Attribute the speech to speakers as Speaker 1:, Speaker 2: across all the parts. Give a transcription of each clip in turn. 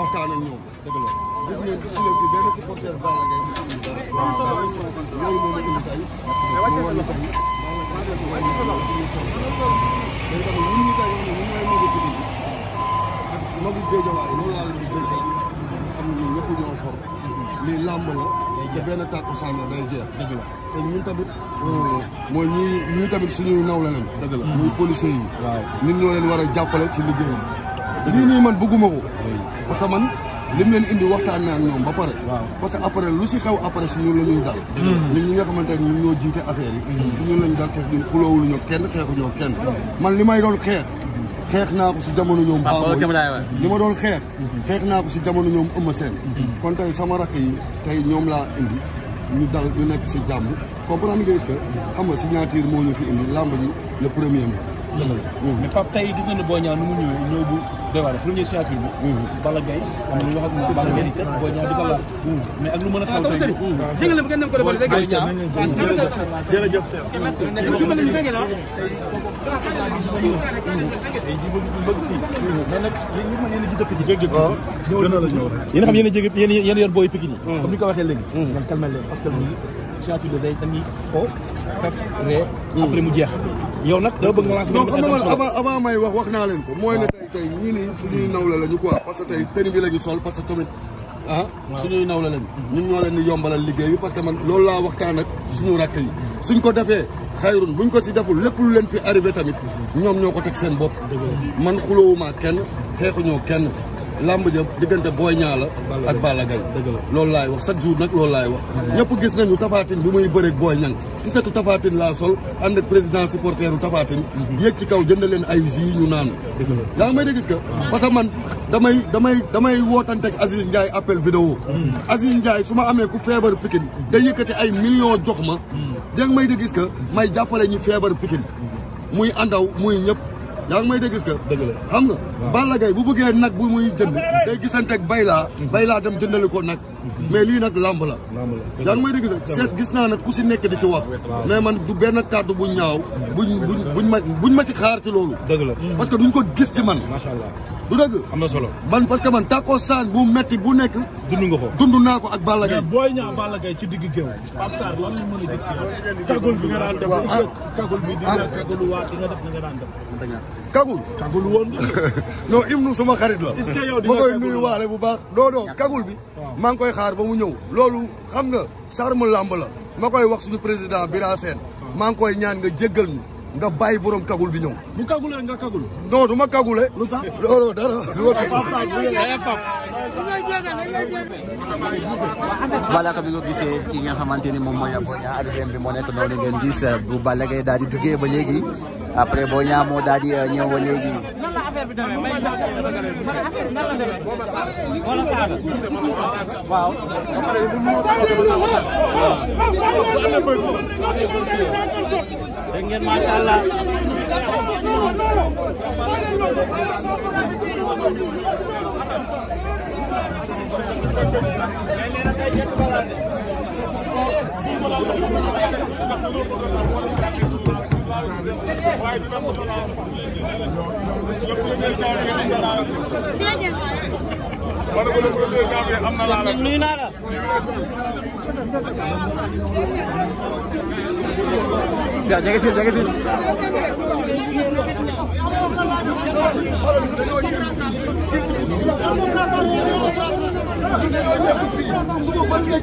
Speaker 1: waxtaan ak ñoom. dëgg la ah. moo a ñëpp ñoo for benn tàkku sànni day jeex. dëgg la te tamit. mooy naw la leen. dëgg la muy policiers yi. waaw ñoo leen war a jàppale ci liggéeyam. lii nii man bëgguma ko parce que man lim leen indi waxtaan na ak ñoom ba pare parce que après lu si xew après si ñun la dal ñun mm. ñi nga xamante ne ñun ñoo jiite affaire yi mm. si ñun la ñu dal te ñun xuloowul ñoo mm. man li may doon xeex xeex naa ko si jamono ñoom ah, baax li ma doon xeex mm-hmm. xeex naa ko si jamono ñoom ëmma mm-hmm. seen kon tey sama rakk yi tey ñoom laa indi ñu dal ñu nekk si jàmm comprendre nga est-ce que xam nga signature moo ñu fi indi làmb ji le premier mi Mm. mais Pape tey gis nañu Boy Niang nu mu ñëwee ñëw bu déwénal premier signature bi. Mm. Balla Gaye am na lu wax ak moom Balla Gaye di teg Boy Niang di mm. ko a xaw tey. jërëjëf ngeen dem ko defal léegi. jërëjëf Seydou. Eh, yéen a xam yéen a jéggi a yor booy Pikine yi. comme ni ko waxee léegi. ngeen calmer leen que conscience de dañuy fo kaf ree après mu jeex yow nag da bëgg nga lancer non xam nga avant avant ko mooy ne tey tey ñii nii suñuy nawle lañu quoi parce que tey tenue bi lañu sol parce que tamit ah yombalal liggéey bi parce que man loolu laa waxtaan ak suñu rakk yi suñ ko defee xayrun buñ ko si deful lépp lu leen fi arrivé tamit ñoom ñoo ko teg seen bopp man xulóowumaa kenn xeexuñoo kenn làmb jëm diggante Boy Niang la ak Balla Gaye loolu laay wax chaque jour nag loolu laay wax ñëpp gis nañu Tafatine bi muy bëreeg Boy Niang ci setu Tafatine laa sol ànd ak président supporter u Tafatine yéeg ci kaw jënd leen ay jus ñu naan yaa ngi may dégg gis parce que damay damay damay wootante ak Aziz Ndiaye appel vidéo Aziz Ndiaye su ma amee ku feebar Pikine day yëkkati ay millions ma yaa ngi may dégg gis jàppale ñu feebar Pikine muy andaw muy ñëpp yaa ngi may dégg que. dëgg la xam nga. Balla Gaye bu bëggee nag bu muy jënd. day gisanteeg baylaa. laa dem jëndali ko nag. Mhm. mais lii nag lamb la. lamb la yaa ngi may dégg que seet gis naa nag ku si nekk di ci wax. mais man du benn kàddu bu ñaaw. buñ buñ ma buñ ma ci xaar ci loolu. parce que du duñ ko gis ci man. macha allah du dëgg. am solo man parce que man tàkkoo saan bu metti bu nekk. dund nga ko dund naa ko ak Balla Gaye. a gis ci di nga ah. kagulu waa di nga def li kagul kagul woon non suma xarit la ma koy nuyu waale bu baax doo doo kagul bi maa ngi koy xaar ba mu ñëw loolu xam nga sarmu làmb la ma koy wax suñu président Bira Sène maa ngi koy ñaan nga jéggal ñu nga bàyyi borom kagul bi ñëw bu kagulee nga kagul non du ma kagule lu tax loolu dara voilà comme ni nga gisee ki nga xamante ni moom mooy Boy Niang arrivée moo nekk noonu ngeen gis bu Balla daal di duggee ba léegi après Boy Niang moo daal di ñëw ba léegi waaw dégg ngeen macha allah nuyu naa la ja jege si jege si su ko bëggee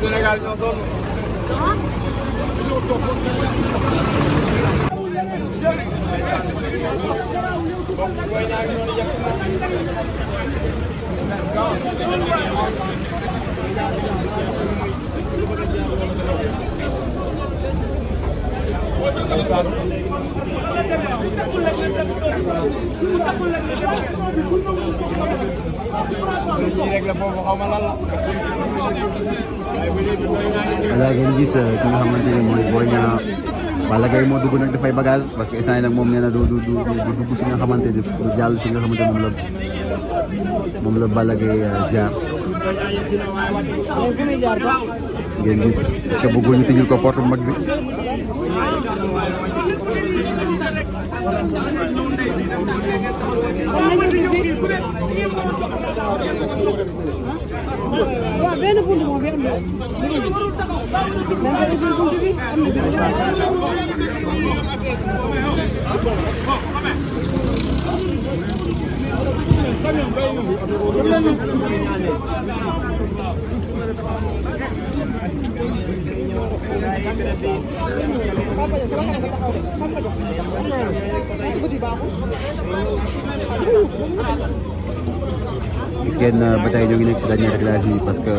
Speaker 1: Sénégal ñoo sonn Boy ñaar ñoo yëpp voilà ngeen gis ki nga xamante ne mooy Boy Niang Balla moo dugg nag dafay bagage parce que instant moom nee na du du du dugg fi nga xamante ne jàll fi nga xamante ne moom la. moom la Balla Gaye euh, jaar ngeen gis est-ce que bëggul ñu tijjil ko porte mag bi gis ngeen ba tey ñoo ngi nekk si dernier réglage yi parce que